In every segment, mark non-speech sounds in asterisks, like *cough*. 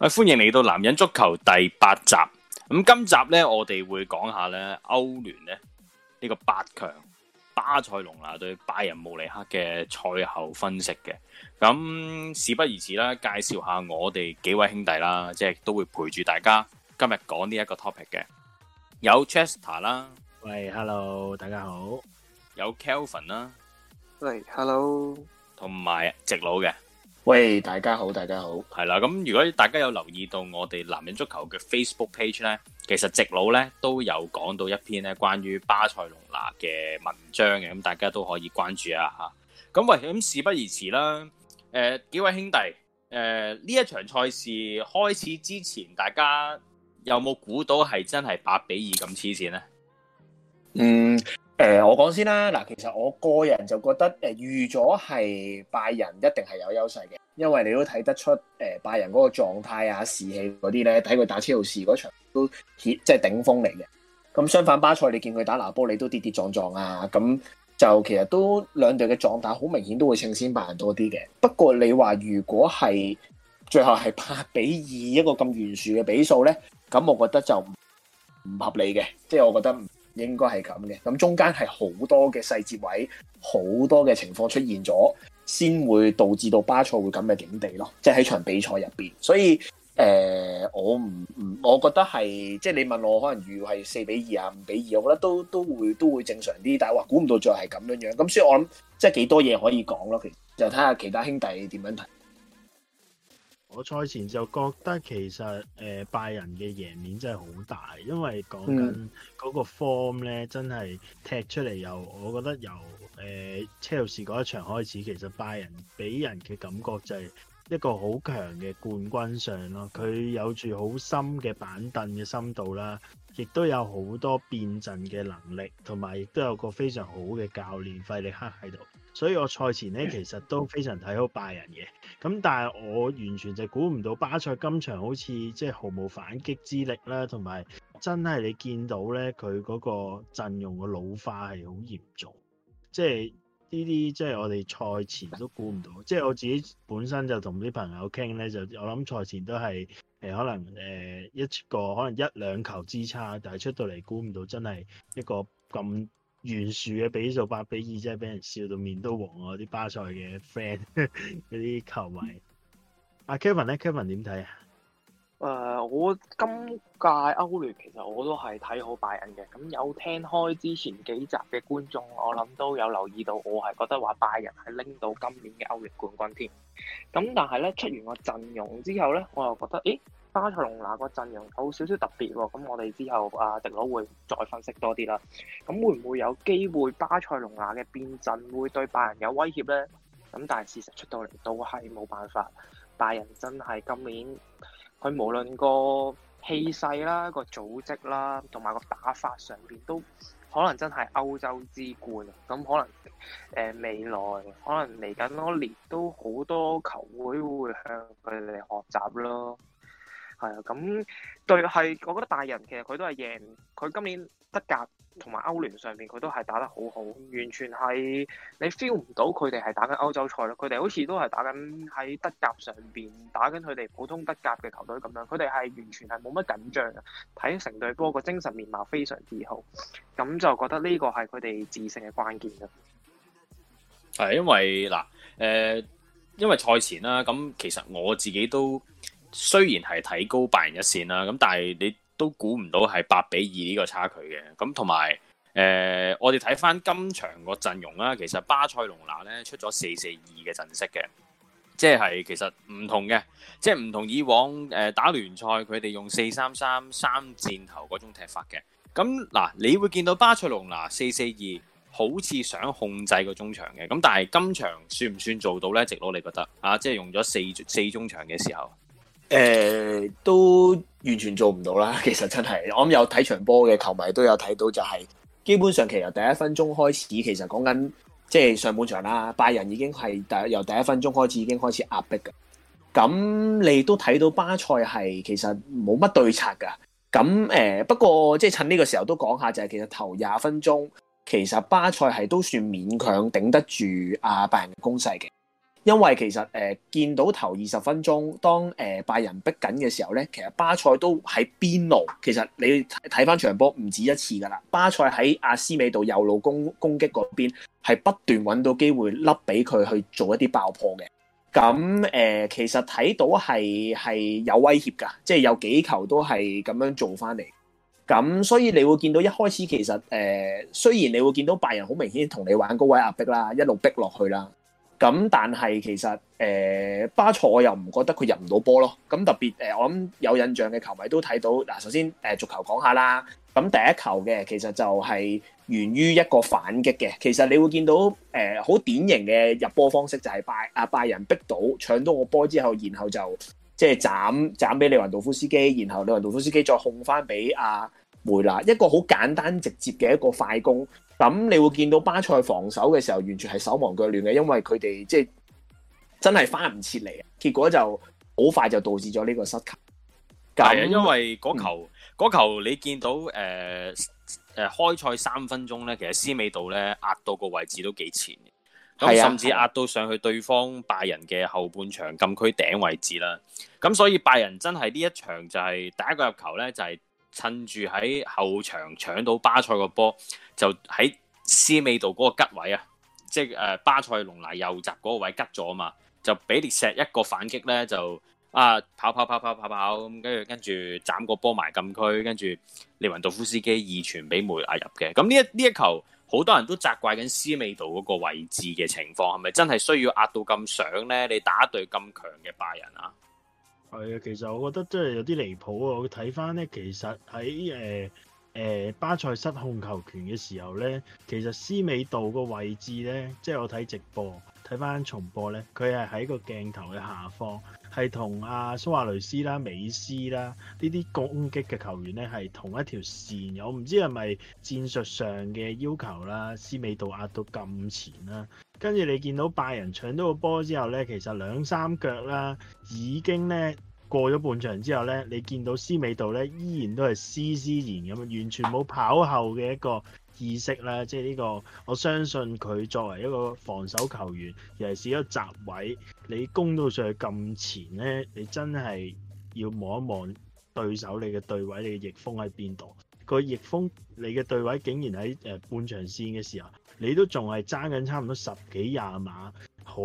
歡迎嚟到男人足球第八集，咁今集呢，我哋會講下呢歐聯呢呢個八強巴塞隆拿對拜仁慕尼黑嘅賽後分析嘅，咁事不宜遲啦，介紹下我哋幾位兄弟啦，即係都會陪住大家今日講呢一個 topic 嘅，有 Chester 啦，喂，Hello，大家好，有 Kelvin 啦，喂，Hello，同埋直佬嘅。喂，大家好，大家好，係啦。咁如果大家有留意到我哋男人足球嘅 Facebook page 呢，其實直佬呢都有講到一篇呢關於巴塞隆拿嘅文章嘅，咁大家都可以關注下吓。咁喂，咁事不宜遲啦。誒、呃，幾位兄弟，誒、呃，呢一場賽事開始之前，大家有冇估到係真係八比二咁黐線呢？嗯。誒、呃，我講先啦，嗱，其實我個人就覺得，誒、呃，預咗係拜仁一定係有優勢嘅，因為你都睇得出，誒、呃，拜仁嗰個狀態啊、士氣嗰啲咧，睇佢打車路士嗰場都即係頂峰嚟嘅。咁相反，巴塞你見佢打拿波，你都跌跌撞撞啊，咁就其實都兩隊嘅狀態好明顯都會勝先拜仁多啲嘅。不過你話如果係最後係八比二一個咁懸殊嘅比數咧，咁我覺得就唔合理嘅，即、就、係、是、我覺得唔。應該係咁嘅，咁中間係好多嘅細節位，好多嘅情況出現咗，先會導致到巴塞會咁嘅境地咯，即係喺場比賽入邊。所以誒、呃，我唔唔，我覺得係即係你問我，可能預計係四比二啊，五比二，我覺得都都會都會正常啲，但係話，估唔到最後係咁樣樣。咁所以我諗即係幾多嘢可以講咯，其實就睇下其他兄弟點樣睇。我賽前就覺得其實誒、呃、拜仁嘅贏面真係好大，因為講緊嗰個 form 咧，嗯、真係踢出嚟由我覺得由誒、呃、車路士嗰一場開始，其實拜仁俾人嘅感覺就係一個好強嘅冠軍相咯。佢有住好深嘅板凳嘅深度啦，亦都有好多變陣嘅能力，同埋亦都有一個非常好嘅教練費力克喺度。所以我賽前咧其實都非常睇好拜仁嘅，咁但係我完全就估唔到巴塞今場好似即係毫無反擊之力啦，同埋真係你見到咧佢嗰個陣容嘅老化係好嚴重，即係呢啲即係我哋賽前都估唔到，即係我自己本身就同啲朋友傾咧，就我諗賽前都係誒可能誒一個可能一兩球之差，但係出到嚟估唔到真係一個咁。懸殊嘅比數，八比二，真係俾人笑到面都黃啊！啲巴塞嘅 friend，嗰啲球迷。阿 Kevin 咧，Kevin 點睇啊？誒、uh，我今屆歐聯其實我都係睇好拜仁嘅。咁有聽開之前幾集嘅觀眾，我諗都有留意到，我係覺得話拜仁係拎到今年嘅歐聯冠軍添。咁但係咧出完個陣容之後咧，我又覺得，誒。巴塞隆拿個陣容好少少特別喎，咁我哋之後啊迪佬會再分析多啲啦。咁會唔會有機會巴塞隆拿嘅變陣會對拜仁有威脅呢？咁但係事實出到嚟都係冇辦法，拜仁真係今年佢無論個氣勢啦、個組織啦，同埋個打法上邊都可能真係歐洲之冠。咁可能誒、呃、未來可能嚟緊嗰年都好多球會會向佢哋學習咯。係啊，咁對係，我覺得拜仁其實佢都係贏，佢今年德甲同埋歐聯上面，佢都係打得好好，完全係你 feel 唔到佢哋係打緊歐洲賽咯，佢哋好似都係打緊喺德甲上邊打緊佢哋普通德甲嘅球隊咁樣，佢哋係完全係冇乜緊張嘅，睇成隊波個精神面貌非常之好，咁就覺得呢個係佢哋自信嘅關鍵啦。係因為嗱，誒，因為賽前啦，咁、呃、其實我自己都。雖然係睇高拜仁一線啦，咁但係你都估唔到係八比二呢個差距嘅。咁同埋誒，我哋睇翻今場個陣容啦，其實巴塞隆拿呢出咗四四二嘅陣式嘅，即係其實唔同嘅，即係唔同以往誒、呃、打聯賽佢哋用四三三三箭頭嗰種踢法嘅。咁嗱，你會見到巴塞隆拿四四二好似想控制個中場嘅，咁但係今場算唔算做到呢？直佬，你覺得啊？即係用咗四四中場嘅時候。誒、呃，都完全做唔到啦，其實真係，我諗有睇場波嘅球迷都有睇到、就是，就係基本上其實第一分鐘開始，其實講緊即係上半場啦，拜仁已經係第由第一分鐘開始已經開始壓迫嘅，咁你都睇到巴塞係其實冇乜對策噶，咁誒、呃，不過即係、就是、趁呢個時候都講下、就是，就係其實頭廿分鐘，其實巴塞係都算勉強頂得住阿、啊、拜仁嘅攻勢嘅。因為其實誒、呃、見到頭二十分鐘，當誒、呃、拜仁逼緊嘅時候咧，其實巴塞都喺邊路。其實你睇翻場波唔止一次㗎喇，巴塞喺阿斯美度右路攻攻擊嗰邊，係不斷揾到機會甩俾佢去做一啲爆破嘅。咁誒、呃、其實睇到係係有威脅㗎，即係有幾球都係咁樣做翻嚟。咁所以你會見到一開始其實誒、呃，雖然你會見到拜仁好明顯同你玩高位壓迫啦，一路逼落去啦。咁、嗯、但係其實誒、呃、巴塞我又唔覺得佢入唔到波咯，咁、嗯、特別、呃、我諗有印象嘅球迷都睇到嗱，首先逐、呃、球講下啦，咁、嗯、第一球嘅其實就係源於一個反擊嘅，其實你會見到誒好、呃、典型嘅入波方式就係拜拜仁逼到搶到我波之後，然後就即係、就是、斬斬俾李雲道夫斯基，然後李雲道夫斯基再控翻俾阿梅拿，一個好簡單直接嘅一個快攻。咁你會見到巴塞防守嘅時候，完全係手忙腳亂嘅，因為佢哋即係真係翻唔切嚟，結果就好快就導致咗呢個失球。係啊，因為嗰球嗰球，嗯、球你見到誒、呃呃、開賽三分鐘咧，其實斯美度咧壓到個位置都幾前，咁甚至壓到上去對方拜仁嘅後半場禁區頂位置啦。咁所以拜仁真係呢一場就係、是、第一個入球咧，就係、是。趁住喺後場搶到巴塞個波，就喺斯美度嗰個吉位啊，即係誒巴塞隆拿右閘嗰個位置吉咗啊嘛，就俾列石一個反擊咧就啊跑跑跑跑跑跑咁，跟住跟住斬個波埋禁區，跟住利雲道夫斯基二傳俾梅亞入嘅。咁呢一呢一球好多人都責怪緊斯美度嗰個位置嘅情況，係咪真係需要壓到咁上咧？你打對咁強嘅拜仁啊？係啊，其實我覺得真係有啲離譜啊！我睇翻咧，其實喺誒誒巴塞失控球權嘅時候咧，其實斯美度個位置咧，即係我睇直播睇翻重播咧，佢係喺個鏡頭嘅下方，係同阿蘇亞雷斯啦、美斯啦呢啲攻擊嘅球員咧係同一條線。我唔知係咪戰術上嘅要求啦，斯美度壓到咁前啦，跟住你見到拜仁搶到個波之後咧，其實兩三腳啦，已經咧～過咗半場之後咧，你見到斯美度咧，依然都係斯斯然咁，完全冇跑後嘅一個意識咧。即係呢、呢個，我相信佢作為一個防守球員，尤其是一個閘位，你攻到上去咁前咧，你真係要望一望對手你嘅對位，你嘅逆風喺邊度？個逆風你嘅對位竟然喺誒、呃、半場線嘅時候，你都仲係爭緊差唔多十幾廿碼，好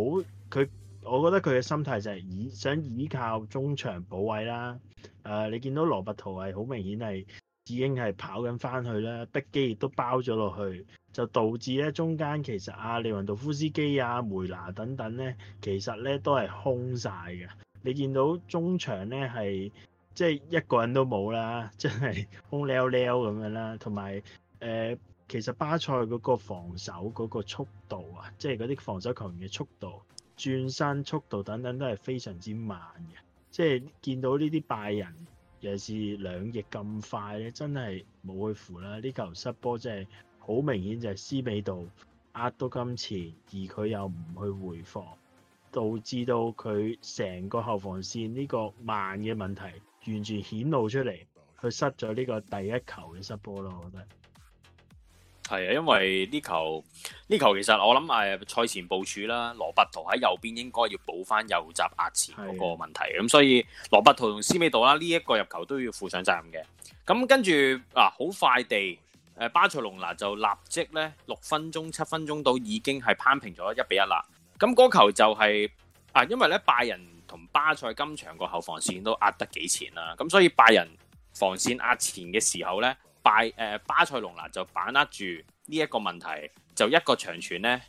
佢。他我覺得佢嘅心態就係倚想依靠中場補位啦。誒、呃，你見到羅伯圖係好明顯係已經係跑緊翻去啦，逼機亦都包咗落去，就導致咧中間其實阿、啊、利雲道夫斯基啊、梅拿等等咧，其實咧都係空晒嘅。你見到中場咧係即係一個人都冇啦，真係空溜溜 e 咁樣啦。同埋誒，其實巴塞嗰個防守嗰個速度啊，即係嗰啲防守球員嘅速度。轉身速度等等都係非常之慢嘅，即係見到呢啲拜仁尤其是兩翼咁快咧，真係冇去扶啦。呢球失波真係好明顯就是思美，就係司美度壓到金前，而佢又唔去回防，導致到佢成個後防線呢個慢嘅問題完全顯露出嚟，佢失咗呢個第一球嘅失波咯，我覺得。係啊，因為呢球呢球其實我諗誒、呃、賽前部署啦，羅伯圖喺右邊應該要補翻右閘壓前嗰個問題咁的所以羅伯圖同斯美度啦呢一個入球都要負上責任嘅。咁跟住啊，好快地、呃、巴塞隆拿就立即呢，六分鐘七分鐘到已經係攀平咗一比一啦。咁嗰球就係、是、啊，因為呢，拜仁同巴塞今場個後防線都壓得幾前啦，咁所以拜仁防線壓前嘅時候呢。拜、呃、巴塞隆拿就把握住呢一個問題，就一個長傳呢，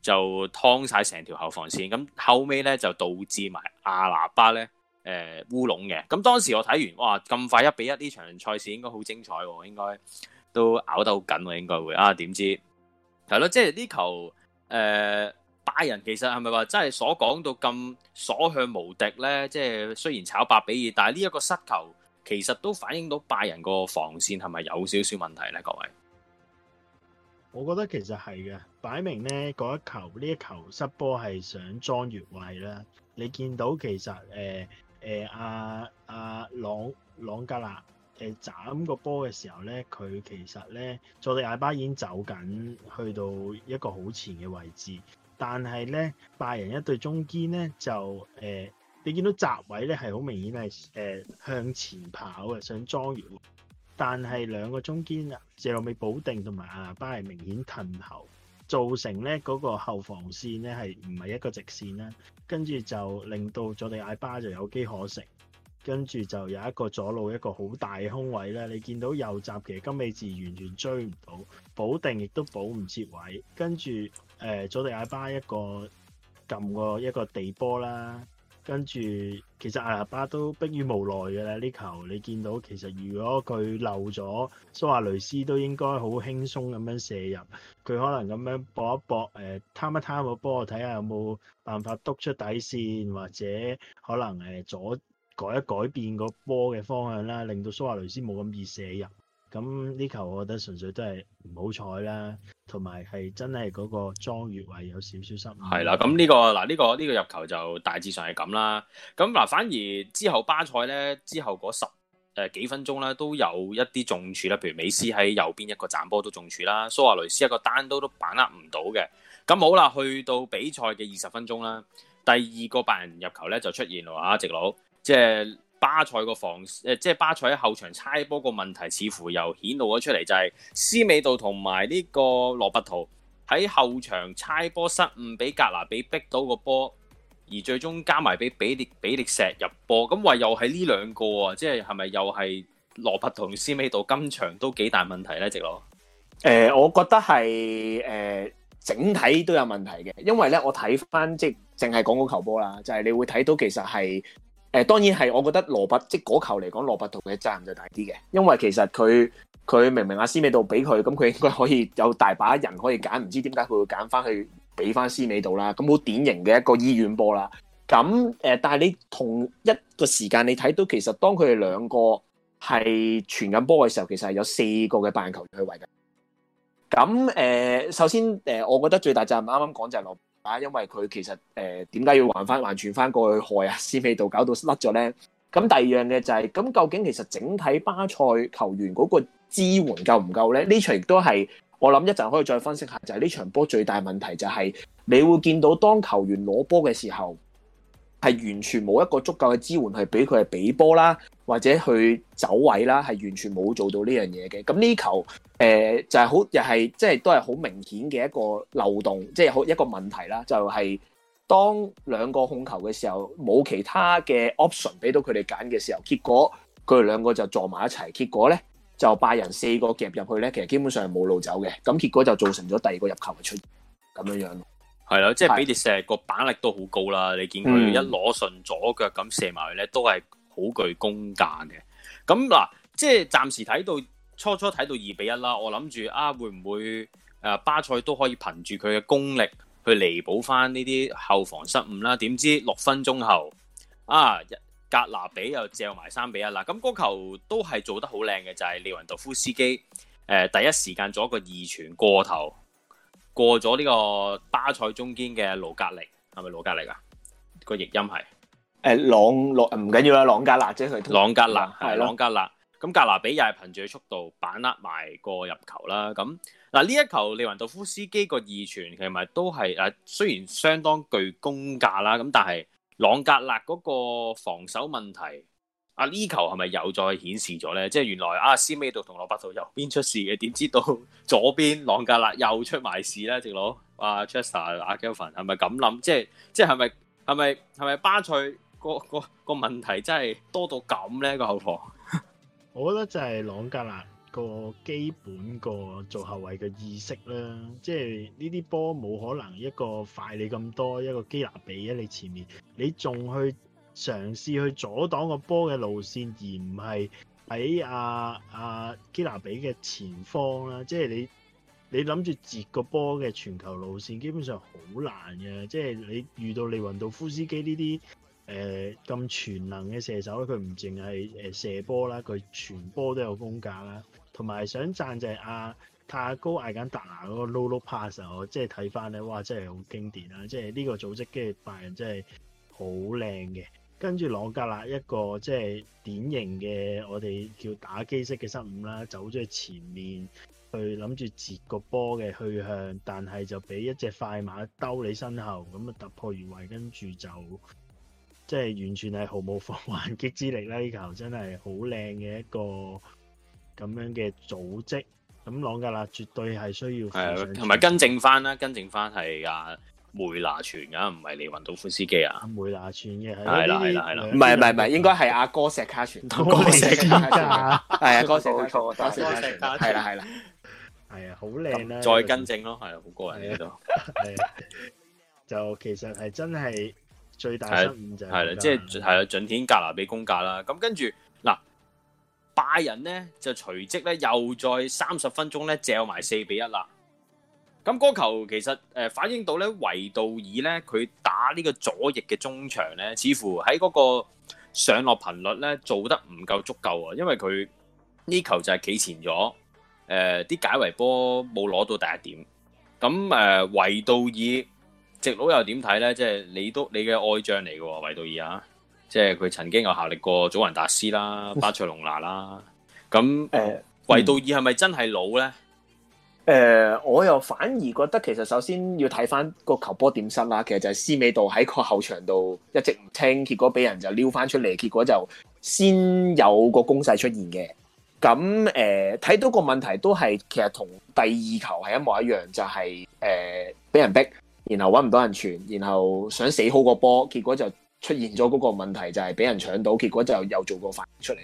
就劏晒成條後防線，咁後尾呢，就導致埋阿拿巴呢烏龍嘅。咁、呃、當時我睇完，哇咁快一比一呢場賽事應該好精彩喎、哦，應該都咬得好緊喎，應該會啊，點知係咯？即係呢球誒拜仁其實係咪話真係所講到咁所向無敵呢？即係雖然炒八比二，但係呢一個失球。其實都反映到拜仁個防線係咪有少少問題咧？各位，我覺得其實係嘅，擺明咧嗰一球，呢一球失波係想裝越位啦。你見到其實誒誒阿阿朗朗格勒誒、呃、斬個波嘅時候咧，佢其實咧，佐地亞巴已經走緊去到一個好前嘅位置，但係咧拜仁一對中堅咧就誒。呃你見到閘位咧係好明顯係誒、呃、向前跑嘅，想裝完，但係兩個中堅啊，謝洛美保定同埋亞巴係明顯褪後，造成咧嗰、那個後防線咧係唔係一個直線啦，跟住就令到佐地亞巴就有機可乘，跟住就有一個左路一個好大嘅空位咧。你見到右閘嘅基米治完全追唔到，保定亦都保唔切位，跟住誒、呃、佐地亞巴一個撳過一個地波啦。跟住，其實阿拉巴都迫於無奈嘅喇，呢球你見到，其實如果佢漏咗，蘇亞雷斯都應該好輕鬆咁樣射入。佢可能咁樣搏一搏，誒、呃、攤一攤個波，睇下有冇辦法督出底線，或者可能誒、呃、左、改一改變個波嘅方向啦，令到蘇亞雷斯冇咁易射入。咁呢球，我覺得純粹都係唔好彩啦，同埋係真係嗰個莊月位有少少失誤。係啦，咁呢、呢個嗱，呢、呢個呢、呢個入球就大致上係咁啦。咁嗱，反而之後巴塞咧，之後嗰十誒幾分鐘啦都有一啲中柱啦，譬如美斯喺右邊一個斬波都中柱啦，蘇華雷斯一個單刀都、都把握唔到嘅。咁好啦，去到比賽嘅二十分鐘啦，第二個拜仁入球咧就出現啦，啊，直佬即係。巴塞個防誒，即係巴塞喺後場猜波個問題，似乎又顯露咗出嚟，就係、是、斯美度同埋呢個羅伯圖喺後場猜波失誤，俾格拿比逼到個波，而最終加埋俾比利比利石入波。咁話又係呢兩個啊，即係係咪又係羅伯同斯美度今場都幾大問題咧？直佬？誒，我覺得係誒、呃，整體都有問題嘅，因為咧我睇翻即係淨係講嗰球波啦，就係、是、你會睇到其實係。誒，當然係，我覺得羅伯，即係嗰球嚟講，羅伯圖嘅責任就大啲嘅，因為其實佢佢明明阿斯美度俾佢，咁佢應該可以有大把人可以揀，唔知點解佢會揀翻去俾翻斯美度啦，咁好典型嘅一個醫院波啦。咁誒、呃，但係你同一個時間，你睇到其實當佢哋兩個係傳緊波嘅時候，其實係有四個嘅拜仁球員去圍緊。咁誒、呃，首先誒、呃，我覺得最大責任，啱啱講就係羅啊，因為佢其實誒，點、呃、解要還翻還傳翻過去害啊？士氣度搞到甩咗咧。咁第二樣嘅就係、是，咁究竟其實整體巴塞球員嗰個支援夠唔夠咧？呢場亦都係我諗一陣可以再分析下，就係、是、呢場波最大問題就係、是、你會見到當球員攞波嘅時候。係完全冇一個足夠嘅支援去俾佢係俾波啦，或者去走位啦，係完全冇做到呢樣嘢嘅。咁呢球誒、呃、就係好又係即係都係好明顯嘅一個漏洞，即係好一個問題啦。就係、是、當兩個控球嘅時候冇其他嘅 option 俾到佢哋揀嘅時候，結果佢哋兩個就撞埋一齊，結果咧就拜仁四個夾入去咧，其實基本上係冇路走嘅。咁結果就造成咗第二個入球嘅出現咁樣樣。係啦，即係比啲射個板力都好高啦。的你見佢一攞順左腳咁射埋去咧，都係好具攻架嘅。咁嗱，即係暫時睇到初初睇到二比一啦。我諗住啊，會唔會誒、啊、巴塞都可以憑住佢嘅功力去彌補翻呢啲後防失誤啦？點知六分鐘後啊，格拿比又借埋三比一啦。咁嗰球都係做得好靚嘅，就係、是、利文道夫斯基誒、啊、第一時間做一個二傳過頭。過咗呢個巴塞中堅嘅羅格力，係咪羅格力啊？個譯音係誒、欸，朗朗唔緊要啦，朗格拉即係朗格拉，係朗格拉。咁格拉比又係憑住速度把握埋個入球啦。咁嗱，呢一球利雲道夫斯基個二傳其實咪都係誒，雖然相當具攻價啦，咁但係朗格拉嗰個防守問題。阿呢、啊、球係咪又再顯示咗咧？即係原來阿、啊、斯美度同羅伯圖右邊出事嘅，點知道左邊朗格勒又出埋事咧？直佬，阿 Chester、阿 Kelvin 係咪咁諗？即係即係咪係咪係咪巴塞個個個問題真係多到咁咧？個後防，我覺得就係朗格勒個基本個做後衞嘅意識啦。即係呢啲波冇可能一個快你咁多，一個基拿比喺你前面，你仲去嘗試去阻擋個波嘅路線，而唔係喺阿阿基拿比嘅前方啦。即係你你諗住截個波嘅傳球路線，基本上好難嘅。即係你遇到利雲道夫斯基呢啲誒咁全能嘅射手咧，佢唔淨係誒射波啦，佢傳波都有功架啦。同埋想讚就係阿泰高艾簡達拿嗰個 lulu pass 我即係睇翻咧，哇，真係好經典啦！即係呢個組織跟住拜仁真係好靚嘅。跟住朗格勒一個即係典型嘅我哋叫打機式嘅失誤啦，走咗去前面去諗住截個波嘅去向，但係就俾一隻快馬兜你身後，咁啊突破如位。跟住就即係完全係毫無防還擊之力啦！呢球真係好靚嘅一個咁樣嘅組織，咁朗格勒絕對係需要。係同埋跟正返啦，跟正返係啊。梅拿全噶，唔係李雲道夫斯基啊！梅拿全嘅係啦係啦係啦，唔係唔係唔係，應該係阿哥石卡傳。哥石係啊，哥石冇錯，哥石係啦係啦，係啊，好靚啦！再更正咯，係啊，好過癮呢度。就其實係真係最大失誤就係啦，即係係啦，盡顯加拿比攻價啦。咁跟住嗱，拜仁呢，就隨即咧又再三十分鐘咧，借埋四比一啦。咁嗰球其實誒反映到咧，維杜爾咧佢打呢個左翼嘅中場咧，似乎喺嗰個上落頻率咧做得唔夠足夠啊，因為佢呢球就係企前咗，誒、呃、啲解圍波冇攞到第一點。咁誒、呃、維杜爾，直佬又點睇咧？即係你都你嘅愛將嚟嘅喎，維杜爾啊，即係佢曾經有效力過祖雲達斯啦、巴塞隆拿啦。咁誒、呃、維杜爾係咪真係老咧？嗯誒、呃，我又反而覺得其實首先要睇翻個球波點失啦。其實就係思美度喺個後場度一直唔清，結果俾人就撩翻出嚟，結果就先有個攻勢出現嘅。咁誒，睇、呃、到個問題都係其實同第二球係一模一樣，就係誒俾人逼，然後搵唔到人傳，然後想死好個波，結果就出現咗嗰個問題，就係、是、俾人搶到，結果就又做個反出嚟。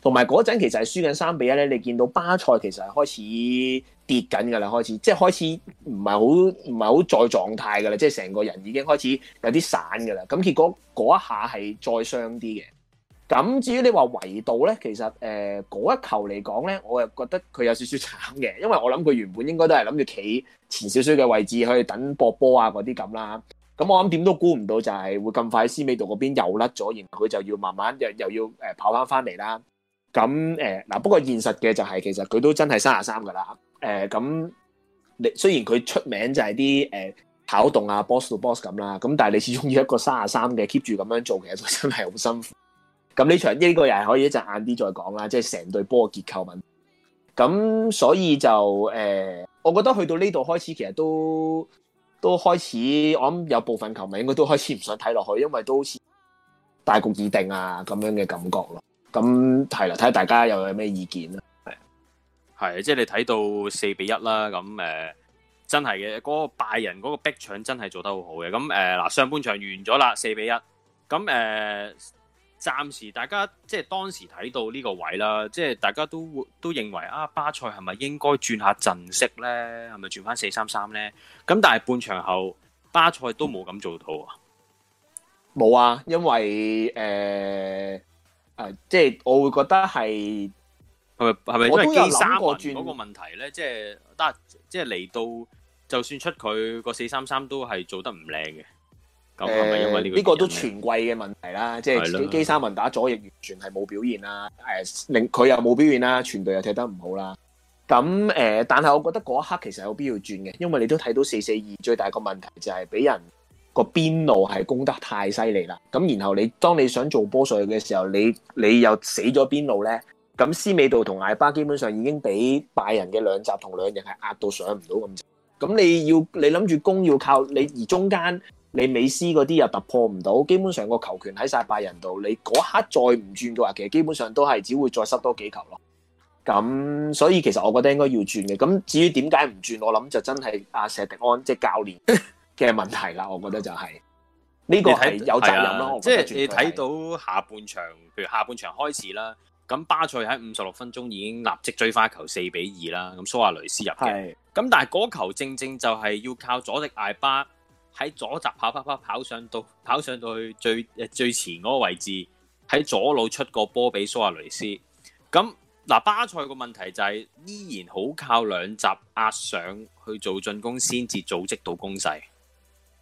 同埋嗰陣其實係輸緊三比一咧，你見到巴塞其實係開始。跌緊㗎啦，開始即係開始唔係好唔係好在狀態㗎啦，即係成個人已經開始有啲散㗎啦。咁結果嗰一下係再傷啲嘅。咁至於你話維度咧，其實嗰、呃、一球嚟講咧，我又覺得佢有少少慘嘅，因為我諗佢原本應該都係諗住企前少少嘅位置去等博波啊嗰啲咁啦。咁我諗點都估唔到就係會咁快喺施美度嗰邊又甩咗，然後佢就要慢慢又又要跑翻翻嚟啦。咁誒嗱，不過現實嘅就係、是、其實佢都真係三廿三㗎啦。誒咁，你、呃、雖然佢出名就係啲誒跑動啊、boss 到 boss 咁啦，咁但係你始終要一個三啊三嘅 keep 住咁樣做嘅，其實真係好辛苦。咁呢場呢、呢個又係可以一陣晏啲再講啦，即係成隊波結構問。咁所以就誒、呃，我覺得去到呢度開始，其實都都開始，我諗有部分球迷應該都開始唔想睇落去，因為都好似大局已定啊咁樣嘅感覺咯。咁係啦，睇下大家又有咩意見啦。係，即係你睇到四比一啦，咁、呃、誒，真係嘅，嗰、嗰個拜仁嗰個逼搶真係做得好好嘅，咁誒嗱，上半場完咗啦，四比一，咁、呃、誒，暫時大家即係當時睇到呢個位啦，即係大家都會都認為啊，巴塞係咪應該轉下陣式呢？係咪轉翻四三三呢？咁但係半場後，巴塞都冇咁做到啊，冇啊，因為誒誒、呃啊，即係我會覺得係。係咪係三因為基沙文嗰個問題咧？即係得即係嚟到就算出佢個四三三都係做得唔靚嘅。咁係咪因為呢個？呢個都全季嘅問題啦。即係基沙文打左翼，完全係冇表現啦。誒，令佢又冇表現啦，全隊又踢得唔好啦。咁誒、呃，但係我覺得嗰一刻其實有必要轉嘅，因為你都睇到四四二最大個問題就係俾人個邊路係攻得太犀利啦。咁然後你當你想做波帥嘅時候，你你又死咗邊路咧？咁斯美度同艾巴基本上已經俾拜仁嘅兩集同兩人係壓到上唔到咁，咁你要你諗住攻要靠你而中間你美斯嗰啲又突破唔到，基本上個球權喺晒拜仁度，你嗰刻再唔轉嘅話，其實基本上都係只會再失多幾球咯。咁所以其實我覺得應該要轉嘅。咁至於點解唔轉，我諗就真係阿、啊、石迪安即係、就是、教練嘅問題啦。我覺得就係、是、呢、這個有責任咯。即係你睇到下半場，譬如下半場開始啦。咁巴塞喺五十六分鐘已經立即追返球四比二啦。咁蘇亞雷斯入嘅。咁的但係嗰球正正就係要靠佐迪艾巴喺左閘跑跑跑，跑跑跑跑上到跑上到去最最前嗰個位置，喺左路出個波畀蘇亞雷斯。咁嗱，巴塞個問題就係依然好靠兩閘壓上去做進攻先至組織到攻勢。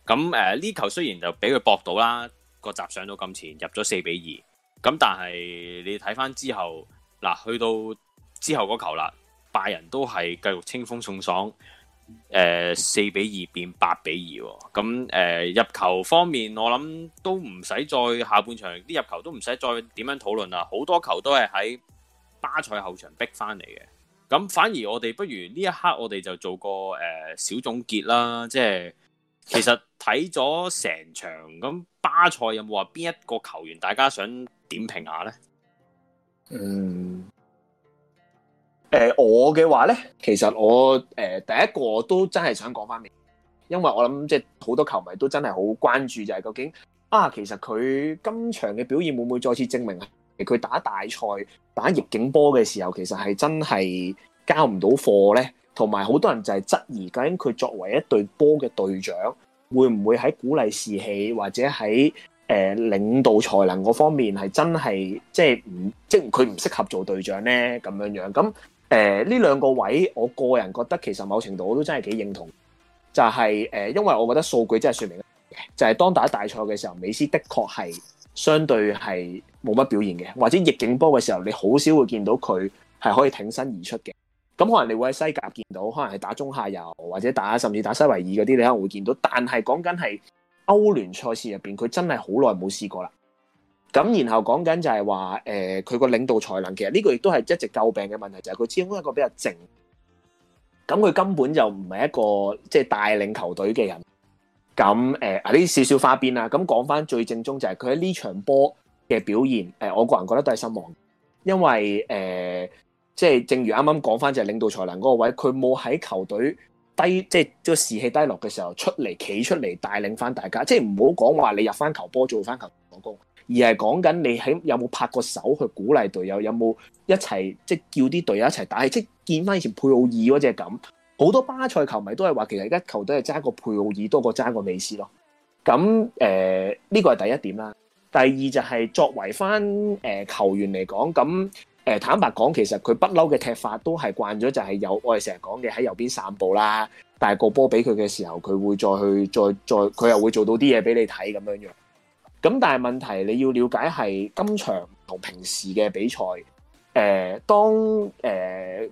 咁誒呢球雖然就俾佢博到啦，那個閘上到咁前入咗四比二。咁但係你睇翻之後，嗱去到之後嗰球啦，拜仁都係繼續清風送爽，誒四比二變八比二，咁誒、哦呃、入球方面我諗都唔使再下半場啲入球都唔使再點樣討論啦，好多球都係喺巴塞後場逼翻嚟嘅，咁反而我哋不如呢一刻我哋就做個誒、呃、小總結啦，即係。其實睇咗成場，咁巴塞有冇話邊一個球員大家想點評下咧？嗯，誒、呃，我嘅話咧，其實我誒、呃、第一個都真係想講返面，因為我諗即係好多球迷都真係好關注就係究竟啊，其實佢今場嘅表現會唔會再次證明啊？佢打大賽打逆境波嘅時候，其實係真係交唔到貨咧。同埋好多人就係質疑緊佢作為一隊波嘅隊長，會唔會喺鼓勵士氣或者喺誒、呃、領導才能嗰方面係真係即係唔即係佢唔適合做隊長呢？咁樣樣？咁誒呢兩個位，我個人覺得其實某程度我都真係幾認同，就係、是、誒、呃，因為我覺得數據真係説明嘅，就係、是、當打大賽嘅時候，美斯的確係相對係冇乜表現嘅，或者逆境波嘅時候，你好少會見到佢係可以挺身而出嘅。咁可能你會喺西甲見到，可能係打中下游或者打甚至打西維爾嗰啲，你可能會見到。但係講緊係歐聯賽事入面，佢真係好耐冇試過啦。咁然後講緊就係話，佢、呃、個領導才能，其實呢個亦都係一直詬病嘅問題，就係佢始終一個比較靜。咁佢根本就唔係一個即係、就是、帶領球隊嘅人。咁誒呢啲少少花邊啦。咁講返最正宗就係佢喺呢場波嘅表現、呃。我個人覺得都係失望，因為誒。呃即係正如啱啱講翻，就係領導才能嗰個位，佢冇喺球隊低，即係個士氣低落嘅時候出嚟企出嚟帶領翻大家。即係唔好講話你入翻球波做翻球助攻，而係講緊你喺有冇拍過手去鼓勵隊友，有冇一齊即係叫啲隊友一齊打。即係見翻以前佩奧爾嗰隻咁，好多巴塞球迷都係話，其實而家球隊係爭個佩奧爾多過爭個美斯咯。咁誒呢個係第一點啦。第二就係作為翻誒、呃、球員嚟講咁。誒坦白講，其實佢不嬲嘅踢法都係慣咗，就係有我哋成日講嘅喺右邊散步啦。但係個波俾佢嘅時候，佢會再去再再，佢又會做到啲嘢俾你睇咁樣樣。咁但係問題你要了解係今場同平時嘅比賽，誒、呃、當誒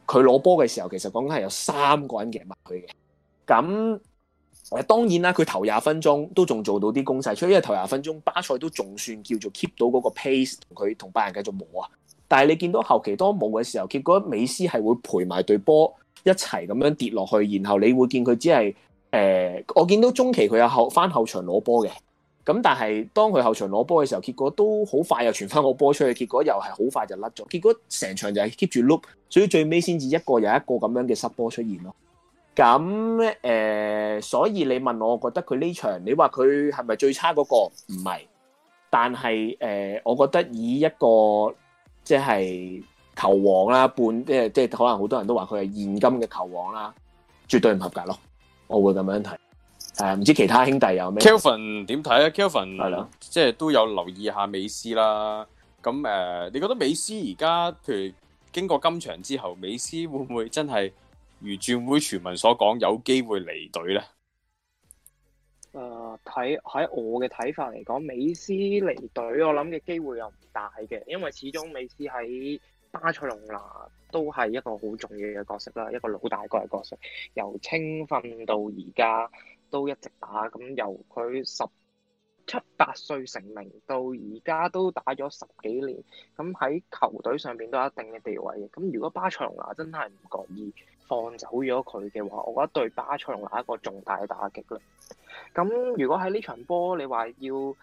佢攞波嘅時候，其實講緊係有三個人夾埋佢嘅。咁誒當然啦，佢頭廿分鐘都仲做到啲攻勢出，因為頭廿分鐘巴塞都仲算叫做 keep 到嗰個 pace 同佢同拜仁繼續磨啊。但係你見到後期當冇嘅時候，結果美斯係會陪埋對波一齊咁樣跌落去，然後你會見佢只係誒、呃。我見到中期佢有後翻後場攞波嘅，咁但係當佢後場攞波嘅時候，結果都好快又傳翻個波出去，結果又係好快就甩咗。結果成場就係 keep 住碌，所以最尾先至一個又一個咁樣嘅失波出現咯。咁誒、呃，所以你問我，我覺得佢呢場你話佢係咪最差嗰、那個？唔係，但係誒、呃，我覺得以一個。即係球王啦，半即係即係，可能好多人都話佢係現金嘅球王啦，絕對唔合格咯。我會咁樣睇，呃、唔知其他兄弟有咩？Kevin 點睇啊？Kevin 係，即係都有留意下美斯啦。咁誒、呃，你覺得美斯而家，譬如經過今場之後，美斯會唔會真係如轉會傳聞所講，有機會離隊咧？誒睇喺我嘅睇法嚟講，美斯離隊，我諗嘅機會又唔大嘅，因為始終美斯喺巴塞隆拿都係一個好重要嘅角色啦，一個老大哥嘅角色。由青訓到而家都一直打，咁由佢十七八歲成名到而家都打咗十幾年，咁喺球隊上邊都有一定嘅地位嘅。咁如果巴塞隆拿真係唔覺意放走咗佢嘅話，我覺得對巴塞隆拿一個重大嘅打擊啦。咁如果喺呢場波，你話要誒、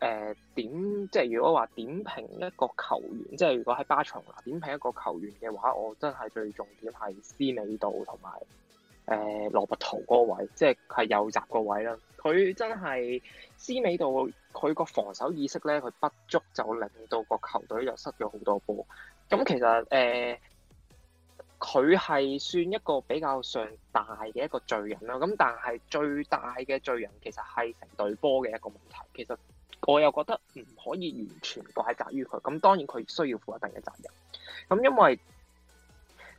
呃、點，即係如果話點評一個球員，即係如果喺巴塞羅那點評一個球員嘅話，我真係最重點係思美度同埋誒羅伯圖嗰位，即係係右閘嗰位啦。佢真係思美度，佢個防守意識咧，佢不足就令到個球隊又失咗好多波。咁其實誒。呃佢係算一個比較上大嘅一個罪人啦，咁但係最大嘅罪人其實係成隊波嘅一個問題。其實我又覺得唔可以完全怪責於佢，咁當然佢需要負一定嘅責任。咁因為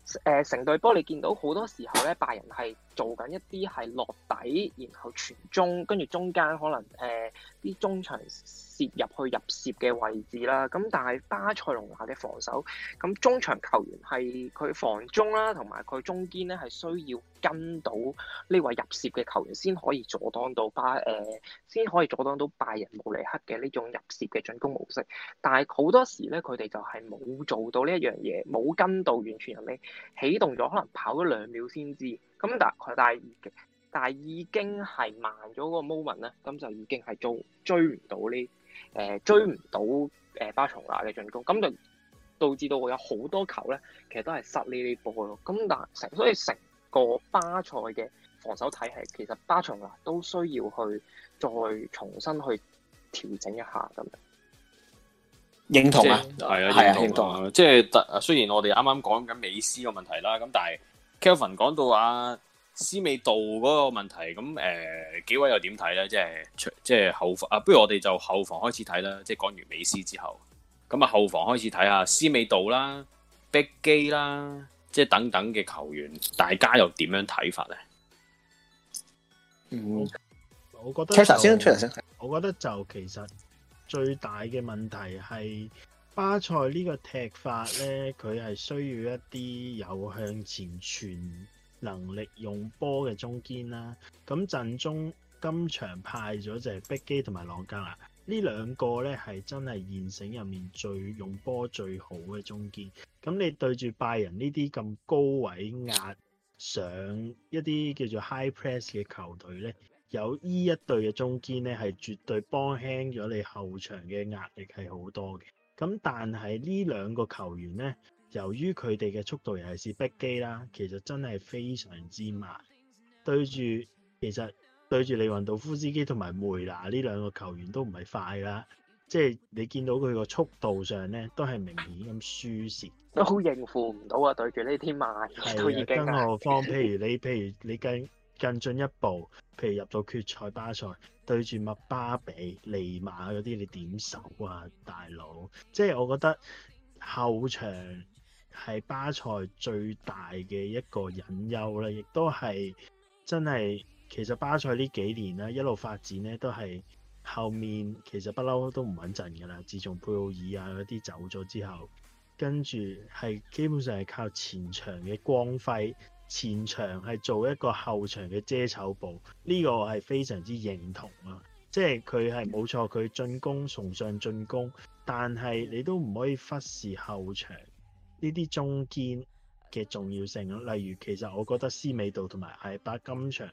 誒、呃、成隊波，你見到好多時候咧，拜仁係做緊一啲係落底，然後傳中，跟住中間可能誒啲、呃、中場切入去入射嘅位置啦。咁但係巴塞隆拿嘅防守，咁中場球員係佢防中啦，同埋佢中堅咧係需要。跟到呢位入射嘅球員先可以阻擋到巴誒，先、呃、可以阻擋到拜仁慕尼克嘅呢種入射嘅進攻模式。但係好多時咧，佢哋就係冇做到呢一樣嘢，冇跟到完全係未起動咗，可能跑咗兩秒先知。咁但係但係但係已經係慢咗個 moment 啦，咁就已經係做追唔到呢誒、呃、追唔到誒、呃呃、巴塞羅那嘅進攻，咁就導致到我有好多球咧，其實都係失呢啲波咯。咁但係成所以成。個巴塞嘅防守體系，其實巴塞啊，都需要去再重新去調整一下咁樣。認同啊，係啊，是啊認同啊，同啊即係，雖然我哋啱啱講緊美斯個問題啦，咁但係 Kevin 講到啊，思美度嗰個問題，咁誒、呃、幾位又點睇咧？即係即係後防啊，不如我哋就後防開始睇啦，即係講完美斯之後，咁啊後防開始睇下思美度啦、逼機啦。即係等等嘅球員，大家又點樣睇法咧？嗯，我覺得先出嚟先出嚟。我覺得就其實最大嘅問題係巴塞呢個踢法咧，佢係需要一啲有向前傳能力用波嘅中堅啦。咁陣中今場派咗就係碧基同埋朗加啊。呢兩個咧係真係現成入面最用波最好嘅中堅。咁你對住拜仁呢啲咁高位壓上一啲叫做 high press 嘅球隊咧，有呢一隊嘅中堅咧係絕對幫輕咗你後場嘅壓力係好多嘅。咁但係呢兩個球員咧，由於佢哋嘅速度尤其是逼機啦，其實真係非常之慢。對住其實。對住利雲道夫斯基同埋梅拿呢兩個球員都唔係快㗎，即係你見到佢個速度上咧都係明顯咁輸蝕，都好應付唔到啊！對住呢啲慢，啊、都已經何、啊、跟我方譬如你，譬如你更更進一步，譬如入到決賽、巴塞對住麥巴比、利馬嗰啲，你點守啊，大佬？即係我覺得後場係巴塞最大嘅一個隱憂啦，亦都係真係。其實巴塞呢幾年咧一路發展咧都係後面其實不嬲都唔穩陣噶啦，自從佩奧爾啊嗰啲走咗之後，跟住係基本上係靠前場嘅光輝，前場係做一個後場嘅遮醜布，呢、這個我係非常之認同啊！即係佢係冇錯，佢進攻崇尚進攻，但係你都唔可以忽視後場呢啲中堅嘅重要性，例如，其實我覺得斯美度同埋艾巴金場。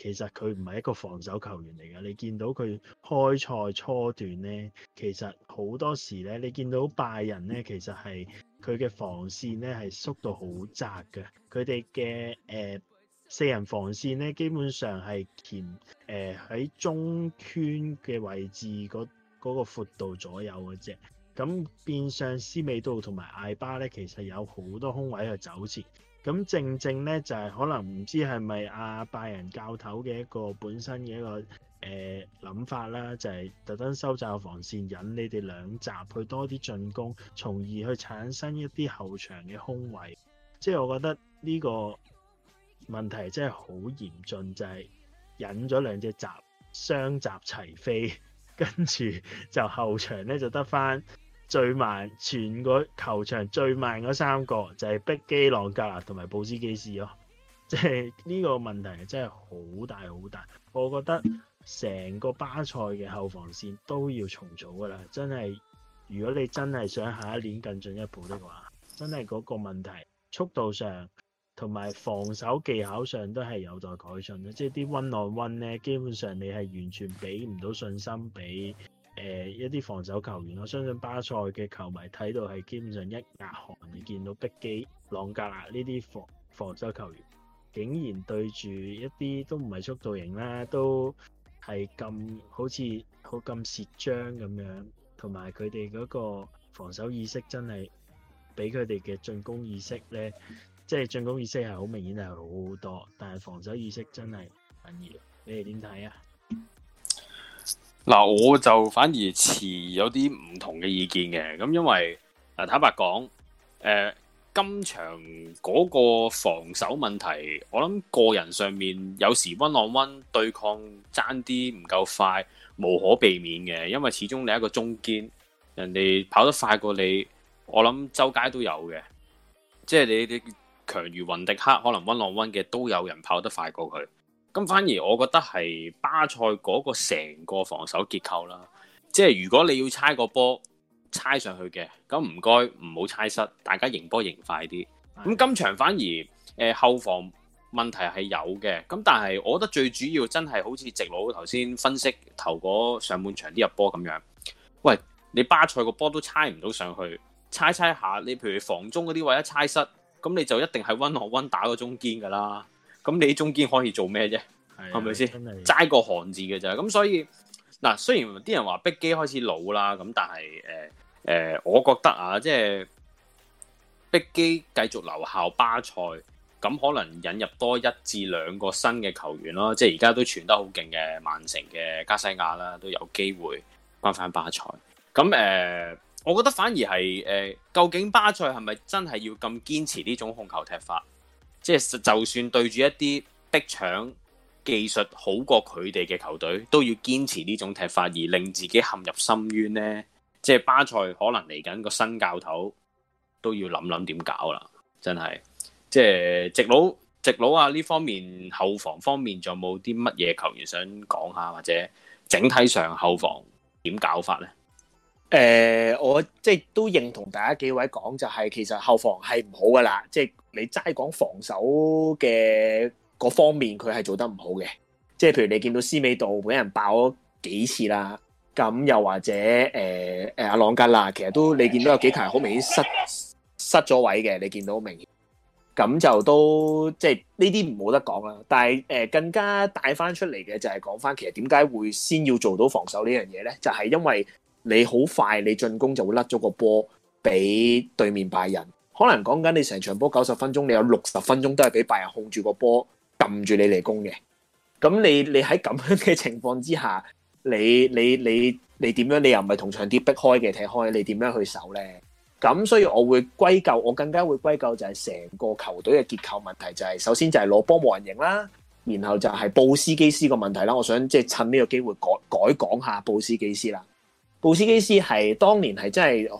其實佢唔係一個防守球員嚟㗎，你見到佢開賽初段咧，其實好多時咧，你見到拜仁咧，其實係佢嘅防線咧係縮到好窄嘅，佢哋嘅誒四人防線咧，基本上係填誒喺中圈嘅位置嗰嗰、嗰個闊度左右嘅啫。咁變相斯美度同埋艾巴咧，其實有好多空位去走切。咁正正咧，就係、是、可能唔知係咪阿拜仁教頭嘅一個本身嘅一個誒諗、呃、法啦，就係特登收窄防線，引你哋兩閘去多啲進攻，從而去產生一啲後場嘅空位。即係我覺得呢個問題真係好嚴峻，就係、是、引咗兩隻閘雙閘齊飛，跟住就後場咧就得返。最慢，全個球場最慢嗰三個就係、是、碧基、朗格同埋布斯基斯咯。即係呢個問題真係好大好大。我覺得成個巴塞嘅後防線都要重組噶啦。真係，如果你真係想下一年更進一步的話，真係嗰個問題速度上同埋防守技巧上都係有待改進啦。即係啲 one on one 咧，基本上你係完全俾唔到信心俾。誒、呃，一啲防守球員，我相信巴塞嘅球迷睇到係基本上一額汗，你見到碧基、朗格拉呢啲防防守球員，竟然對住一啲都唔係速度型啦，都係咁好似好咁蝕章咁樣，同埋佢哋嗰個防守意識真係比佢哋嘅進攻意識咧，即係進攻意識係好明顯係好多，但係防守意識真係難言。你哋點睇啊？嗱，我就反而持有啲唔同嘅意見嘅，咁因為坦白講，誒、呃、今場嗰個防守問題，我諗個人上面有時温朗温對抗爭啲唔夠快，無可避免嘅，因為始終你一個中堅，人哋跑得快過你，我諗周街都有嘅，即係你啲強如雲迪克，可能温朗温嘅都有人跑得快過佢。咁反而我覺得係巴塞嗰個成個防守結構啦，即係如果你要猜個波猜上去嘅，咁唔該唔好猜失，大家迎波迎快啲。咁的今場反而誒、呃、後防問題係有嘅，咁但係我覺得最主要真係好似直佬頭先分析頭嗰上半場啲入波咁樣，喂你巴塞個波都猜唔到上去，猜猜下你譬如防中嗰啲位一猜失，咁你就一定係 one on one 打個中堅㗎啦。咁你中間可以做咩啫？係咪先？齋個漢字嘅咋。咁所以嗱，雖然啲人話碧基開始老啦，咁但係、呃呃、我覺得啊，即係碧基繼續留效巴塞，咁可能引入多一至兩個新嘅球員咯。即係而家都傳得好勁嘅曼城嘅加西亞啦，都有機會翻返巴塞。咁、呃、我覺得反而係、呃、究竟巴塞係咪真係要咁堅持呢種控球踢法？即係就算對住一啲逼搶技術好過佢哋嘅球隊，都要堅持呢種踢法而令自己陷入深淵呢？即係巴塞可能嚟緊個新教頭都要諗諗點搞啦，真係。即係直佬直佬啊！呢方面後防方面仲有冇啲乜嘢球員想講下，或者整體上後防點搞法呢？誒、呃，我即係都認同大家幾位講，就係其實後防係唔好噶啦，即係你齋講防守嘅嗰方面，佢係做得唔好嘅。即係譬如你見到斯美杜俾人爆咗幾次啦，咁又或者誒誒、呃、阿朗格啦，其實都你見到有幾球好明顯失失咗位嘅，你見到明顯。咁就都即係呢啲唔冇得講啦。但係誒更加帶翻出嚟嘅就係講翻，其實點解會先要做到防守呢樣嘢咧？就係、是、因為你好快，你進攻就會甩咗個波俾對面拜仁。可能講緊你成場波九十分鐘，你有六十分鐘都係俾拜仁控住個波，撳住你嚟攻嘅。咁你你喺咁樣嘅情況之下，你你你你點樣？你又唔係同場啲逼開嘅踢開，你點樣去守咧？咁所以我會歸咎，我更加會歸咎就係成個球隊嘅結構問題。就係首先就係攞波冇人應啦，然後就係布斯基斯個問題啦。我想即係趁呢個機會改改講下布斯基斯啦。布斯基斯係當年係真係好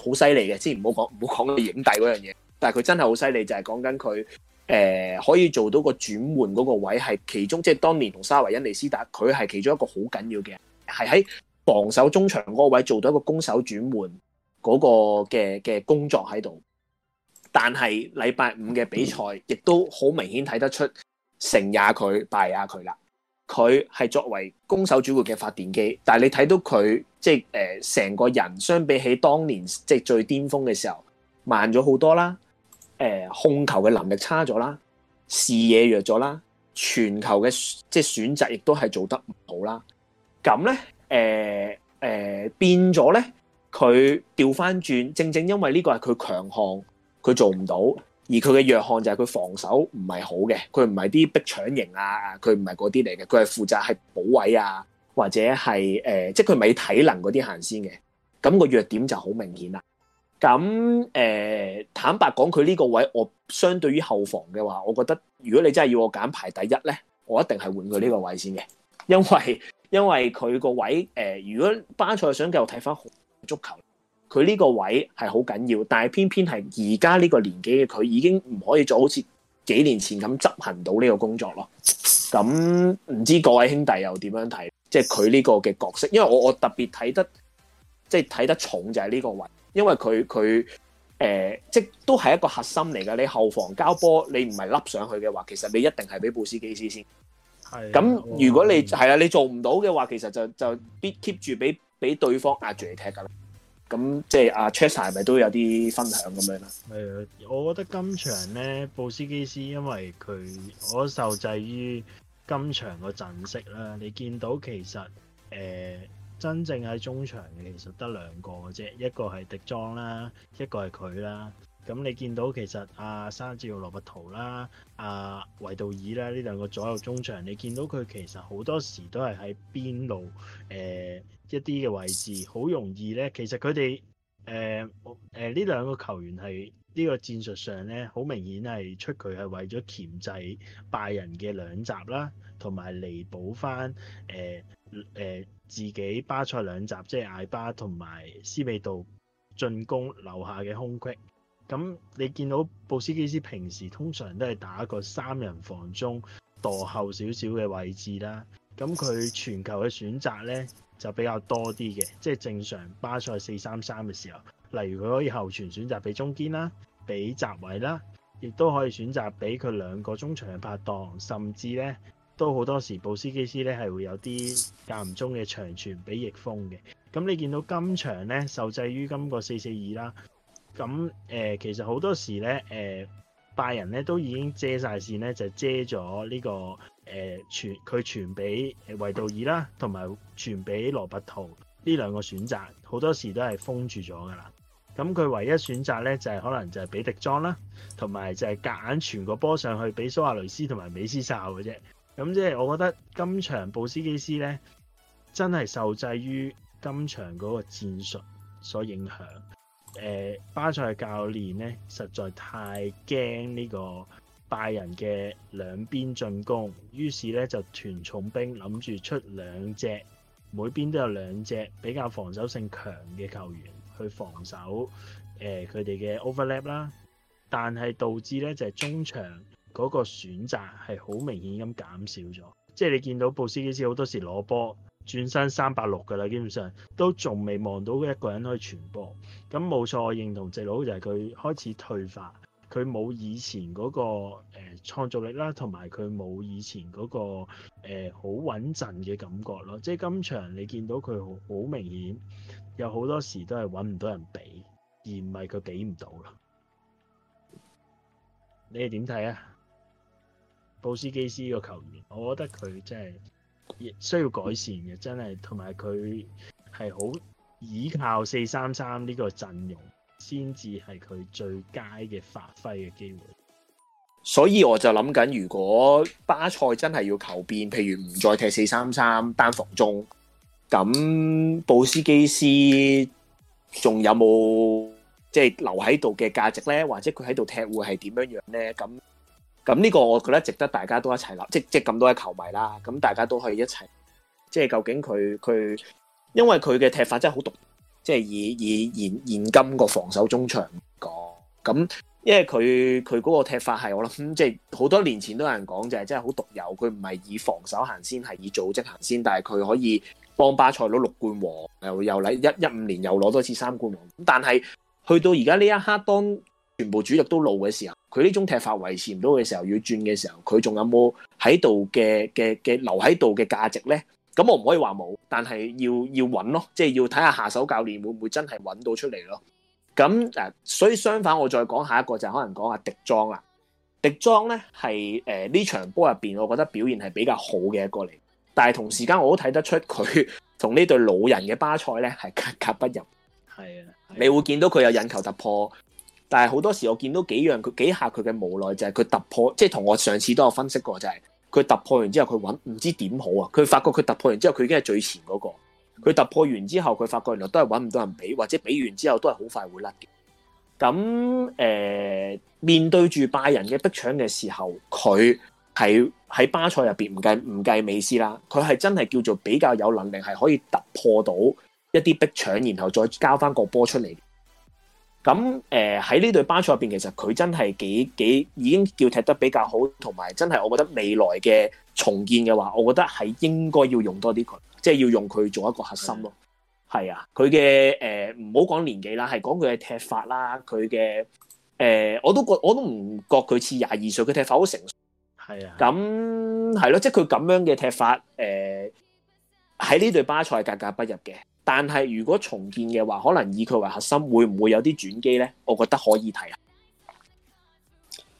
好犀利嘅，先唔好講唔好講佢影帝嗰樣嘢，但係佢真係好犀利，就係、是、講緊佢誒可以做到個轉換嗰個位係其中，即、就、係、是、當年同沙維恩尼斯達佢係其中一個好緊要嘅係係喺防守中場嗰個位做到一個攻守轉換嗰個嘅嘅工作喺度。但係禮拜五嘅比賽，亦都好明顯睇得出成也佢，敗也佢啦。佢係作為攻守主導嘅發電機，但係你睇到佢即係誒成個人相比起當年即係最巔峰嘅時候，慢咗好多啦，誒、呃、控球嘅能力差咗啦，視野弱咗啦，傳球嘅即係選擇亦都係做得唔好啦。咁咧誒誒變咗咧，佢掉返轉，正正因為呢個係佢強項，佢做唔到。而佢嘅弱項就係佢防守唔係好嘅，佢唔係啲逼搶型啊，佢唔係嗰啲嚟嘅，佢係負責係補位啊，或者係誒，即係佢咪體能嗰啲行先嘅，咁個弱點就好明顯啦。咁誒、呃，坦白講，佢呢個位，我相對於後防嘅話，我覺得如果你真係要我揀排第一咧，我一定係換佢呢個位先嘅，因為因為佢個位誒、呃，如果巴塞想繼續睇翻足球。佢呢個位係好緊要，但係偏偏係而家呢個年紀嘅佢已經唔可以做好似幾年前咁執行到呢個工作咯。咁唔知各位兄弟又點樣睇？即係佢呢個嘅角色，因為我我特別睇得即係睇得重就係呢個位，因為佢佢誒即都係一個核心嚟㗎。你後防交波你唔係凹上去嘅話，其實你一定係俾布斯基斯先。係咁的，如果你係啊哇，你做唔到嘅話，其實就就必 keep 住俾俾對方壓住你踢㗎啦。咁即係阿 Chester 係咪都有啲分享咁樣啦？我覺得今場咧布斯基斯因為佢我受制於今場個陣式啦，你見到其實、呃、真正喺中場嘅其實得兩個嘅啫，一個係迪莊啦，一個係佢啦。咁你見到其實阿、啊、山治和羅拔圖啦、阿、啊、維杜爾啦呢兩個左右中場，你見到佢其實好多時都係喺邊路誒、呃、一啲嘅位置，好容易咧。其實佢哋誒呢兩個球員係呢個戰術上咧，好明顯係出佢係為咗鉗制拜仁嘅兩閘啦，同埋彌補翻誒、呃呃、自己巴塞兩閘即係艾巴同埋斯美度進攻留下嘅空隙。咁你見到布斯基斯平時通常都係打一個三人防中墮後少少嘅位置啦，咁佢傳球嘅選擇呢就比較多啲嘅，即係正常巴塞四三三嘅時候，例如佢可以後傳選擇俾中堅啦，俾閘位啦，亦都可以選擇俾佢兩個中場嘅拍檔，甚至呢都好多時布斯基斯呢係會有啲間唔中嘅長傳俾翼鋒嘅。咁你見到今場呢受制於今個四四二啦。咁誒、呃，其實好多時咧，誒、呃、拜仁咧都已經遮晒線咧，就遮咗呢、這個誒、呃、傳佢傳俾維道爾啦，同埋傳俾羅伯圖呢兩個選擇，好多時都係封住咗噶啦。咁佢唯一選擇咧，就係、是、可能就係俾迪莊啦，同埋就係夾硬傳個波上去俾蘇亞雷斯同埋美斯哨嘅啫。咁即係我覺得今場布斯基斯咧，真係受制於今場嗰個戰術所影響。誒，巴塞教練咧，實在太驚呢個拜仁嘅兩邊進攻，於是咧就屯重兵，諗住出兩隻，每邊都有兩隻比較防守性強嘅球員去防守誒佢哋嘅 overlap 啦。但係導致咧就係中場嗰個選擇係好明顯咁減少咗，即係你見到布斯基斯好多時攞波轉身三百六噶啦，基本上都仲未望到一個人可以傳波。咁冇錯，我認同直佬就係、是、佢開始退化，佢冇以前嗰、那個、呃、創造力啦，同埋佢冇以前嗰、那個好、呃、穩陣嘅感覺咯。即係今場你見到佢好好明顯，有好多時都係揾唔到人俾而唔係佢俾唔到啦。你哋點睇啊？布斯基斯個球員，我覺得佢真係亦需要改善嘅，真係同埋佢係好。倚靠四三三呢個陣容，先至係佢最佳嘅發揮嘅機會。所以我就諗緊，如果巴塞真係要求變，譬如唔再踢四三三單房中，咁布斯基斯仲有冇即係留喺度嘅價值咧？或者佢喺度踢會係點樣樣咧？咁咁呢個我覺得值得大家都一齊諗，即即咁多嘅球迷啦，咁大家都可以一齊，即、就、係、是、究竟佢佢。他因為佢嘅踢法真係好獨，即係以以現現今個防守中場講，咁因為佢佢嗰個踢法係我諗即係好多年前都有人講就係真係好獨有，佢唔係以防守行先，係以組織行先，但係佢可以幫巴塞攞六冠王，又又嚟一一五年又攞多次三冠王，但係去到而家呢一刻，當全部主力都老嘅時候，佢呢種踢法維持唔到嘅時候，要轉嘅時候，佢仲有冇喺度嘅嘅嘅留喺度嘅價值咧？咁我唔可以話冇，但係要要揾咯，即係要睇下下手教練會唔會真係揾到出嚟咯。咁誒，所以相反，我再講下一個就係可能講下迪莊啦。迪莊咧係呃呢場波入面我覺得表現係比較好嘅一個嚟，但係同時間我都睇得出佢同呢對老人嘅巴塞咧係格格不入。係啊，你會見到佢有引球突破，但係好多時我見到幾樣佢幾下佢嘅無奈就係佢突破，即係同我上次都有分析過就係。佢突破完之後他找，佢揾唔知點好啊！佢發覺佢突破完之後，佢已經係最前嗰、那個。佢突破完之後，佢發覺原來都係揾唔到人俾，或者俾完之後都係好快會甩嘅。咁誒、呃，面對住拜仁嘅逼搶嘅時候，佢係喺巴塞入邊唔計唔計美斯啦，佢係真係叫做比較有能力，係可以突破到一啲逼搶，然後再交翻個波出嚟。咁喺呢對巴塞入邊，其實佢真係幾幾已經叫踢得比較好，同埋真係我覺得未來嘅重建嘅話，我覺得係應該要用多啲佢，即係要用佢做一個核心咯。係啊是的，佢嘅唔好講年紀啦，係講佢嘅踢法啦，佢嘅、呃、我都覺我都唔覺佢似廿二歲，佢踢法好成熟。係啊是的，咁係咯，即係佢咁樣嘅踢法呃、喺呢對巴塞格格不入嘅。但係如果重建嘅話，可能以佢為核心，會唔會有啲轉機呢？我覺得可以睇啊。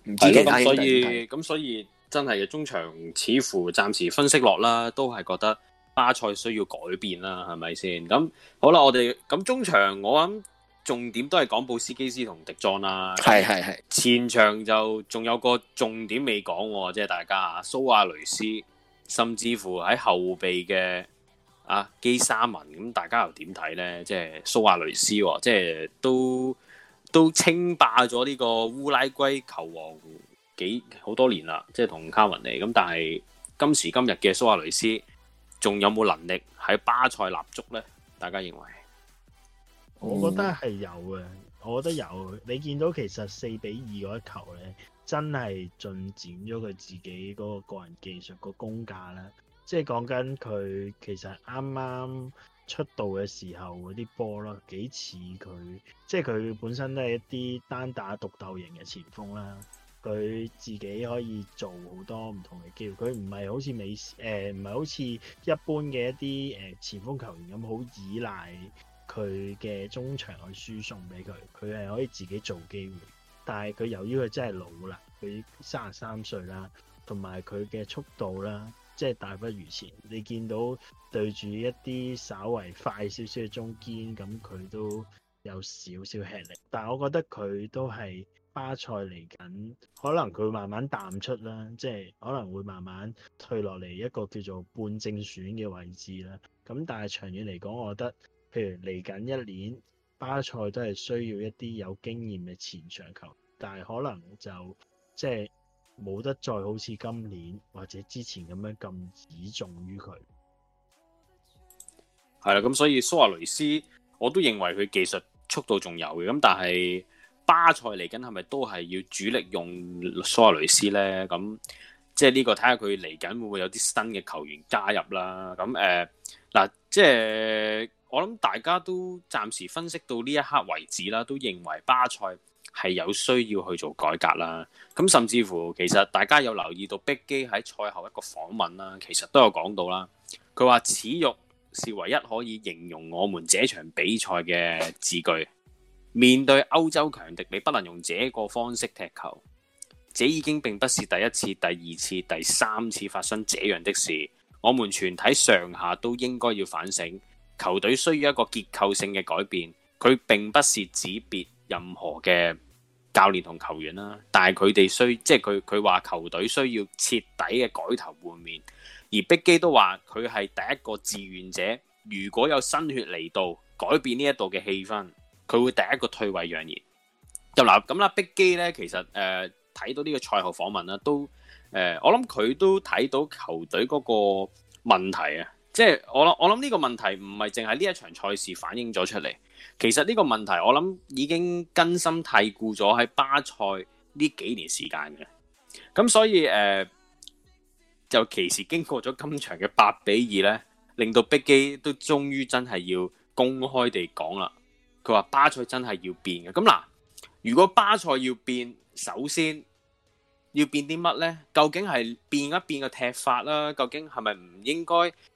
唔知對、嗯、所以咁、嗯、所以，、嗯、所以真係嘅中場似乎暫時分析落啦，都係覺得巴塞需要改變啦，係咪先？咁好啦，我哋咁中場我諗重點都係講布斯基斯同迪莊啦。係係係，前場就仲有個重點未講喎，即、就、係、是、大家啊蘇亞雷斯，甚至乎喺後備嘅。啊，基沙文咁，大家又點睇呢？即係蘇亞雷斯，即係都都稱霸咗呢個烏拉圭球王幾好多年啦。即係同卡文尼咁，但係今時今日嘅蘇亞雷斯，仲有冇能力喺巴塞立足呢？大家認為？我覺得係有嘅，我覺得有的。你見到其實四比二嗰一球呢，真係進展咗佢自己嗰個個人技術個功架咧。即係講緊佢其實啱啱出道嘅時候嗰啲波囉，幾似佢即係佢本身都係一啲單打獨鬥型嘅前鋒啦。佢自己可以做好多唔同嘅機會，佢唔係好似美誒，唔係好似一般嘅一啲誒前鋒球員咁好依賴佢嘅中場去輸送俾佢，佢係可以自己做機會。但係佢由於佢真係老啦，佢三十三歲啦，同埋佢嘅速度啦。即係大不如前，你見到對住一啲稍為快少少嘅中堅，咁佢都有少少吃力。但係我覺得佢都係巴塞嚟緊，可能佢慢慢淡出啦，即係可能會慢慢退落嚟一個叫做半正選嘅位置啦。咁但係長遠嚟講，我覺得譬如嚟緊一年，巴塞都係需要一啲有經驗嘅前場球，但係可能就即係。就係冇得再好似今年或者之前咁樣咁倚重於佢，係啦，咁所以蘇亞雷斯，我都認為佢技術速度仲有嘅，咁但係巴塞嚟緊係咪都係要主力用蘇亞雷斯呢？咁即係呢個睇下佢嚟緊會唔會有啲新嘅球員加入啦？咁誒，嗱，呃，即係我諗大家都暫時分析到呢一刻為止啦，都認為巴塞，係有需要去做改革啦，咁甚至乎其實大家有留意到碧基喺賽後一個訪問啦，其實都有講到啦。佢話恥辱是唯一可以形容我們這場比賽嘅字句。面對歐洲強敵，你不能用這個方式踢球。這已經並不是第一次、第二次、第三次發生這樣的事。我們全體上下都應該要反省，球隊需要一個結構性嘅改變。佢並不是指別任何嘅教練同球員啦，但係佢哋需要即係佢佢話球隊需要徹底嘅改頭換面，而碧基都話佢係第一個志願者。如果有新血嚟到改變呢一度嘅氣氛，佢會第一個退位讓賢。咁啦，咁啦，碧基呢，其實誒睇、呃、到呢個賽後訪問啦，都誒、呃、我諗佢都睇到球隊嗰個問題啊。即係我諗，我諗呢個問題唔係淨係呢一場賽事反映咗出嚟，其實呢個問題我諗已經根深蒂固咗喺巴塞呢幾年時間嘅。咁所以誒、呃，就其實經過咗今場嘅八比二呢，令到碧基都終於真係要公開地講啦。佢話巴塞真係要變嘅。咁嗱，如果巴塞要變，首先，要變啲乜呢？究竟係變一變個踢法啦？究竟係咪唔應該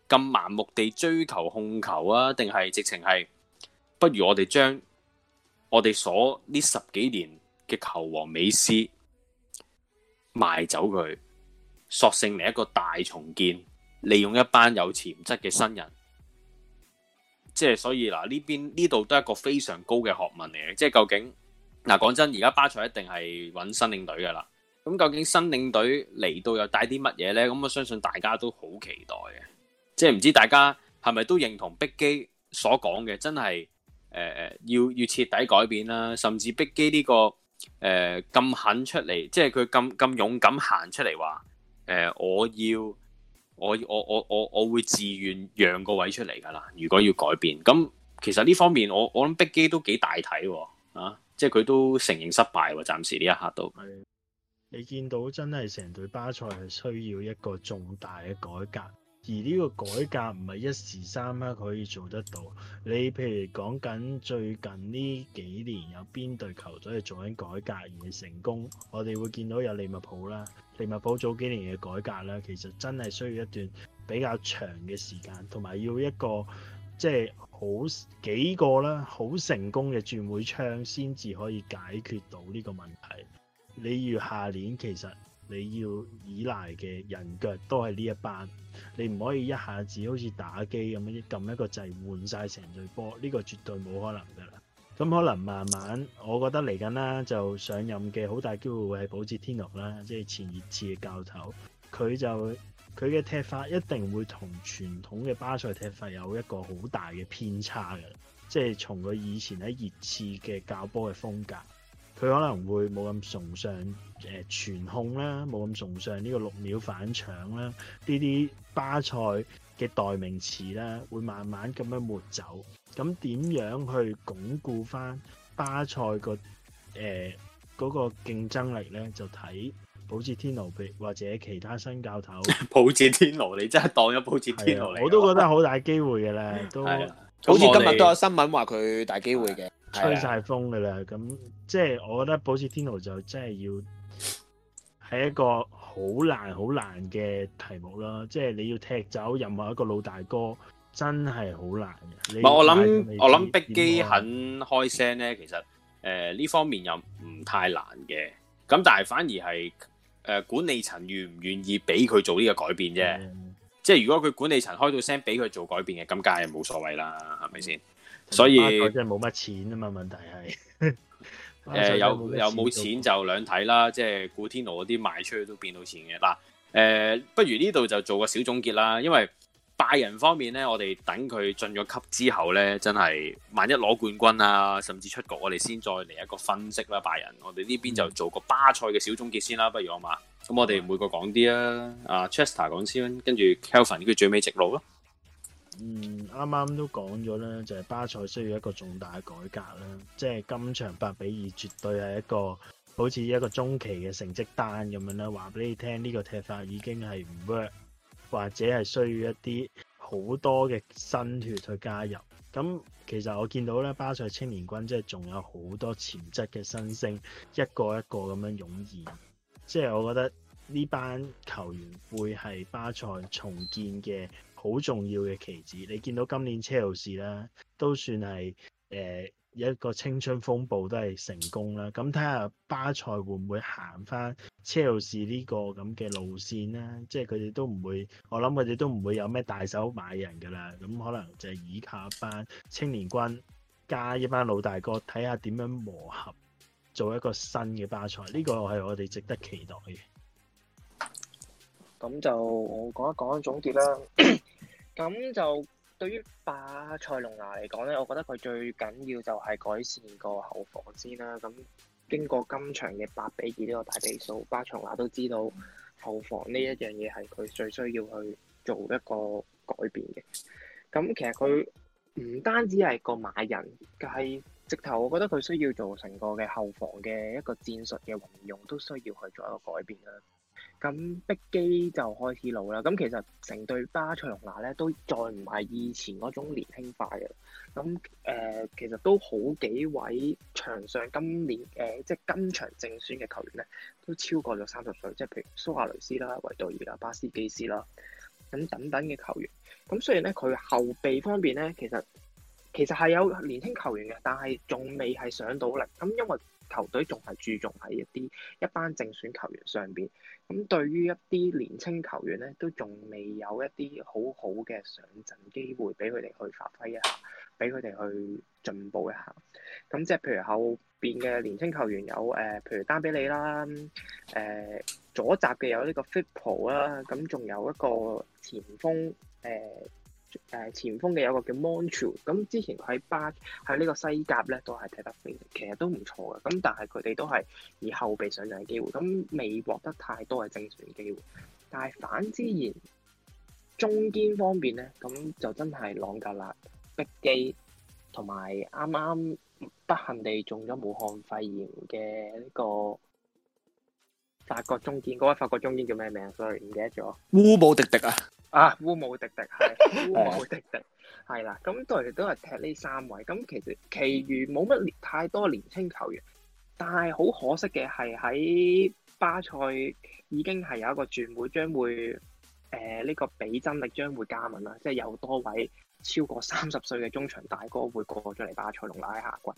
咁盲目地追求控球啊？定係直情係不如我哋將我哋所呢十幾年嘅球王美斯賣走佢，索性嚟一個大重建，利用一班有潛質嘅新人。即係所以嗱，呢邊呢度都係一個非常高嘅學問嚟嘅。即係究竟嗱，講真，而家巴塞一定係揾新領隊噶啦。咁究竟新領隊嚟到又帶啲乜嘢呢？咁我相信大家都好期待嘅，即係唔知大家係咪都認同碧基所講嘅，真係、呃、要要徹底改變啦。甚至碧基呢、呢個咁肯、呃、出嚟，即係佢咁咁勇敢行出嚟話、呃、我要我我我我我會自願讓個位出嚟㗎啦。如果要改變咁，其實呢方面我我諗碧基都幾大體喎啊，即係佢都承認失敗喎，暫時呢一刻都。你見到真係成隊巴塞係需要一個重大嘅改革，而呢個改革唔係一時三刻可以做得到。你譬如講緊最近呢幾年有邊隊球隊係做緊改革而成功，我哋會見到有利物浦啦，利物浦早幾年嘅改革啦，其實真係需要一段比較長嘅時間，同埋要一個即係好幾個啦，好成功嘅轉會窗先至可以解決到呢個問題。你要下年其實你要倚賴嘅人腳都係呢一班，你唔可以一下子好似打機咁樣撳一個掣換晒成隊波，呢個絕對冇可能噶啦。咁可能慢慢，我覺得嚟緊啦就上任嘅好大機會會係保捷天奴啦，即係前熱刺嘅教頭，佢就佢嘅踢法一定會同傳統嘅巴塞踢法有一個好大嘅偏差嘅，即係從佢以前喺熱刺嘅教波嘅風格。佢可能會冇咁崇尚誒、呃、傳控啦，冇咁崇尚呢個六秒反搶啦，呢啲巴塞嘅代名詞啦，會慢慢咁樣抹走。咁點樣去鞏固翻巴塞個嗰、呃那個競爭力咧？就睇普捷天奴，或者其他新教頭。 *laughs* 普捷天奴，你真係當咗普捷天奴嚟、啊。我都覺得好大機會嘅咧， *laughs* 都、啊、好似今日都有新聞話佢大機會嘅。吹晒風嘅啦，咁即係我覺得保持捷天鵝就真係要係一個好難、好難嘅題目啦。即係你要踢走任何一個老大哥，真係好難嘅。唔，我諗想，我諗碧基肯開聲咧，其實誒呢、呃、方面又唔太難嘅。咁但係反而係誒、呃、管理層願唔願意俾佢做呢個改變啫。的即係如果佢管理層開到聲俾佢做改變嘅，咁梗係冇所謂啦，係咪先？所以真係冇乜錢啊嘛，問題係誒有有冇錢就兩睇啦，即係古天奴嗰啲賣出去都變到錢嘅嗱誒，不如呢度就做個小總結啦，因為拜仁方面咧，我哋等佢進咗級之後咧，真係萬一攞冠軍啊，甚至出局，我哋先再嚟一個分析啦。拜仁我哋呢邊就做個巴塞嘅小總結先啦，不如我嘛，咁我哋每個講啲、嗯、啊，啊 Chester 講先，跟住 Kevin 跟住最尾直佬咯。嗯，啱啱都講咗啦，就係巴塞需要一個重大嘅改革啦。即係今場八比二絕對係一個好似一個中期嘅成績單咁樣啦。話俾你聽，呢個踢法已經係唔 work，或者係需要一啲好多嘅新血去加入。咁其實我見到咧，巴塞青年軍即係仲有好多潛質嘅新星，一個一個咁樣湧現。即係我覺得呢班球員會係巴塞重建嘅好重要嘅棋子，你見到今年車路士啦，都算係誒、呃、一個青春風暴，都係成功啦。咁睇下巴塞會唔會行返車路士呢個咁嘅路線啦？即係佢哋都唔會，我諗佢哋都唔會有咩大手買人㗎喇。咁可能就係以靠一班青年軍加一班老大哥，睇下點樣磨合，做一個新嘅巴塞。呢、呢個係我哋值得期待嘅。咁就我講一講總結啦。 *coughs* 咁就對於巴塞隆拿嚟講咧，我覺得佢最緊要就係改善個後防先啦、啊。咁經過今場嘅八比二呢個大比數，巴塞隆拿都知道後防呢一樣嘢係佢最需要去做一個改變嘅。咁其實佢唔單止係個買人，但係直頭我覺得佢需要做成個嘅後防嘅一個戰術嘅運用都需要去做一個改變啦。咁碧基就開始老啦，咁其實成隊巴塞隆拿咧都再唔係以前嗰種年輕化嘅，咁誒、呃、其實都好幾位場上今年誒、呃、即係今場正選嘅球員咧，都超過咗三十歲，即係譬如蘇亞雷斯啦、維道爾啦、巴斯基斯啦，咁等等嘅球員。咁雖然咧佢後備方面咧，其實其實係有年輕球員嘅，但係仲未係上到嚟。咁因為球隊仲係注重喺一啲一班正選球員上邊，咁對於一啲年青球員咧，都仲未有一啲好好嘅上陣機會俾佢哋去發揮一下，俾佢哋去進步一下。咁即係譬如後邊嘅年青球員有誒、呃，譬如丹比利啦，誒、呃、左閘嘅有呢個 Firpo 啦，咁仲有一個前鋒誒、呃誒前鋒嘅有一個叫 Montre，咁之前佢喺巴喺呢個西甲咧都係踢得勁，其實都唔錯嘅。咁但係佢哋都係以後備上場嘅機會，咁未獲得太多嘅正選機會。但係反之然，然中堅方面咧，咁就真係朗格勒，碧基同埋啱啱不幸地中咗武漢肺炎嘅呢個法國中堅，嗰位法國中堅叫咩名？sorry，唔記得咗。烏姆迪迪啊！啊，烏姆迪迪係，烏姆迪迪係啦，咁到時都係踢呢三位，咁其實其餘冇乜年太多年青球員，但係好可惜嘅係喺巴塞已經係有一個轉會將會誒呢、呃這個比真力將會加盟啦，即、就、係、是、有多位超過三十歲嘅中場大哥會過咗嚟巴塞隆拿喺下季，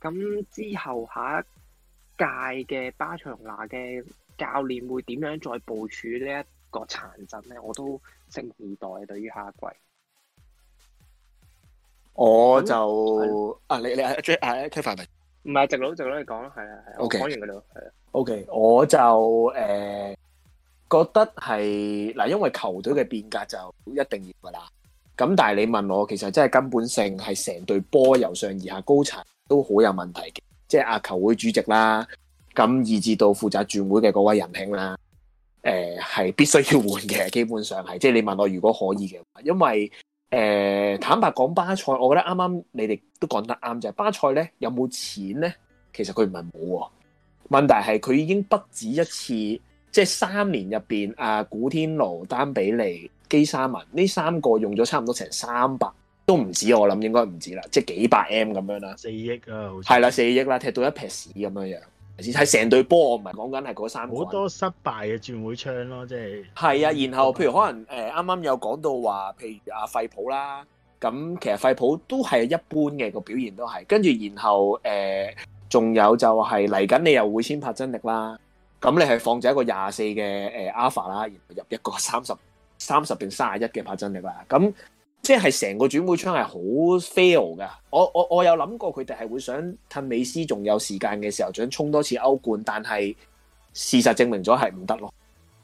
咁之後下一屆嘅巴塞隆拿嘅教練會點樣再部署殘陣，呢一個殘陣咧？我都。拭目以待，對於下一季，我就、嗯、是啊，你你係 J 係 k a t 唔係直佬，直佬你講咯，係啊係，Okay. 我講完佢咯，係啊，OK，我就誒、呃、覺得係嗱，因為球隊嘅變革就一定要噶啦，咁但係你問我，其實真係根本性係成隊波由上而下高層都好有問題嘅，即係阿球會主席啦，咁以至到負責轉會嘅嗰位仁兄啦。誒係、呃、必須要換嘅，基本上係即係你問我如果可以嘅話，因為誒、呃、坦白講巴塞，我覺得啱啱你哋都講得啱就係、是、巴塞咧有冇錢咧？其實佢唔係冇喎，問題係佢已經不止一次，即係三年入邊啊古天奴、丹比利、基沙文呢三個用咗差唔多成三百都唔止，我諗應該唔止啦，即係幾百 M 咁樣啦，四億啊，好似係啦，四億啦，踢到一撇屎咁樣樣。係成對波，我唔係講緊係嗰三。好多失敗嘅轉會槍咯，即係。係啊，然後譬如可能誒，啱、呃、啱有講到話，譬如阿費普啦，咁其實費普都係一般嘅，那個表現都係。跟住然後誒，仲、呃、有就係嚟緊你又會先拍真力啦。咁你係放咗一個廿四嘅誒 alpha 啦，然後入一個三十、三十定三十一嘅拍真力啦。咁即係成個轉會窗係好 fail 噶，我我我有諗過佢哋係會想，趁美斯仲有時間嘅時候想衝多次歐冠，但係事實證明咗係唔得咯。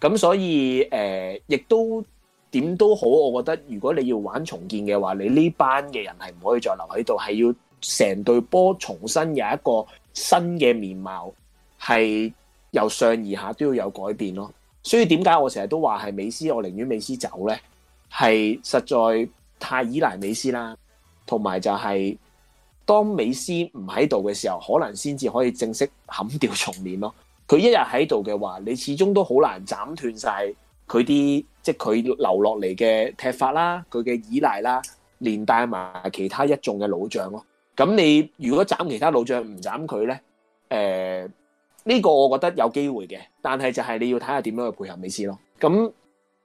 咁所以誒，亦、呃、都點都好，我覺得如果你要玩重建嘅話，你呢班嘅人係唔可以再留喺度，係要成隊波重新有一個新嘅面貌，係由上而下都要有改變咯。所以點解我成日都話係美斯，我寧願美斯走咧，係實在。太依賴美斯啦，同埋就係當美斯唔喺度嘅時候，可能先至可以正式砍掉重練咯。佢一日喺度嘅話，你始終都好難斬斷晒佢啲，即係佢留落嚟嘅踢法啦，佢嘅依賴啦，連帶埋其他一眾嘅老將咯。咁你如果斬其他老將唔斬佢咧，誒呢、呃呢個我覺得有機會嘅，但係就係你要睇下點樣去配合美斯咯。咁。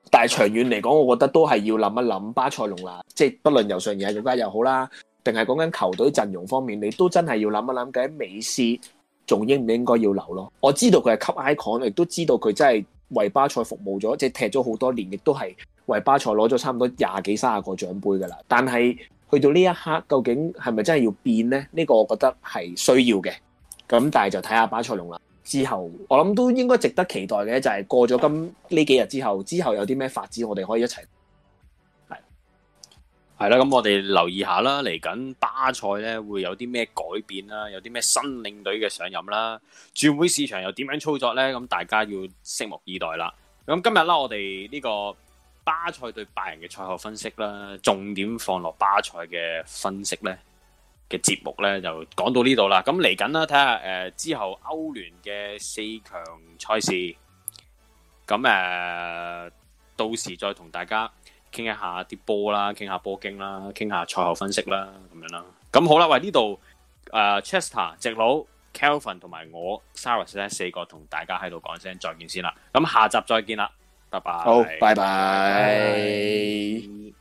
但係長遠嚟講，我覺得都係要諗一諗巴塞隆拿，即係不論由上野國家又好啦，定係講緊球隊陣容方面，你都真係要諗一諗，究竟美西仲應唔應該要留咯？我知道佢係吸 l u 亦都知道佢真係為巴塞服務咗，即係踢咗好多年，亦都係為巴塞攞咗差唔多廿幾十個獎杯㗎啦。但係去到呢一刻，究竟係咪真係要變呢？呢、這個我覺得係需要嘅，咁但係就睇下巴塞隆拿。之後，我諗都應該值得期待嘅，就係過咗今呢幾日之後，之後有啲咩發展，我哋可以一齊，係係啦。咁我哋留意下啦，嚟緊巴塞咧會有啲咩改變啦，有啲咩新領隊嘅上任啦，轉會市場又點樣操作呢？咁大家要拭目以待啦。咁今日啦，我哋呢個巴塞對拜仁嘅賽後分析啦，重點放落巴塞嘅分析呢。嘅節目咧就講到這裡了呢度啦，咁嚟緊啦，睇下誒之後歐聯嘅四強賽事，咁誒、呃、到時再同大家傾一下啲波啦，傾下波經啦，傾下賽後分析啦，咁樣啦，咁好啦，喂呢度 Chester、呃、Ch ester，直佬 Kevin 同埋我 Cyrus 咧四個同大家喺度講聲，再見先啦，咁下集再見啦，拜拜，好，拜拜。拜拜拜拜。